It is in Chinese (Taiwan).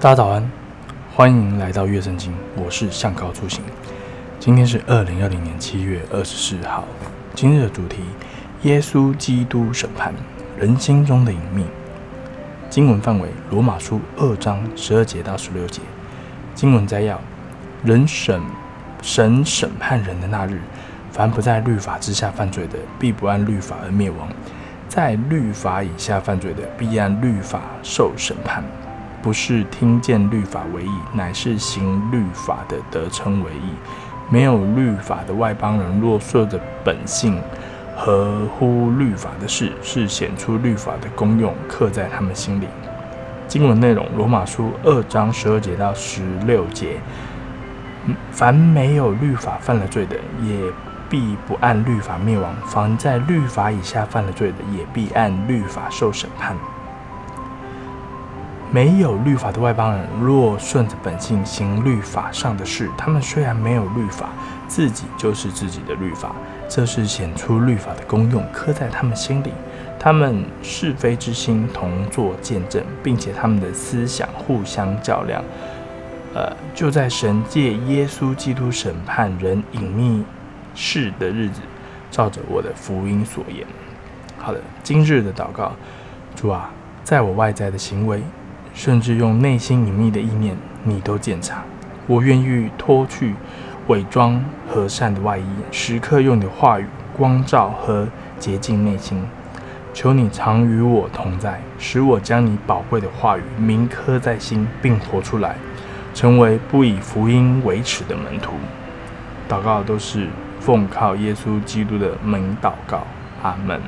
大家早安，歡迎來到樂聖經，我是向高出行。今天是二零二零年七月二十四號，今日的主題：耶穌基督審判人心中的隱秘。經文範圍：羅馬書二章十二節到十六節。經文摘要：人審，審神審判人的那日，凡不在律法之下犯罪的，必不按律法而滅亡；在律法以下犯罪的，必按律法受審判。不是聽見律法為義，乃是行律法的得稱為義。沒有律法的外邦人，若順著本性合乎律法的事，是顯出律法的功用，刻在他們心裡。經文內容：羅馬書二章十二節到十六節。凡沒有律法犯了罪的，也必不按律法滅亡；凡在律法以下犯了罪的，也必按律法受審判。沒有律法的外邦人，若順着本性行律法上的事，他們雖然沒有律法，自己就是自己的律法。這是顯出律法的功用，刻在他們心裡。他們是非之心同作見證，並且他們的思想互相較量。呃，就在神藉耶穌基督審判人隱秘事的日子，照着我的福音所言。好的，今日的禱告，主啊，在我外在的行為。甚至用內心隱秘的意念，你都檢查。我願意脫去偽裝和善的外衣，時刻用你的話語光照和潔淨內心。求你常與我同在，使我將你寶貴的話語銘刻在心，並活出來，成為不以福音為恥的門徒。禱告都是奉靠耶穌基督的名禱告，阿門。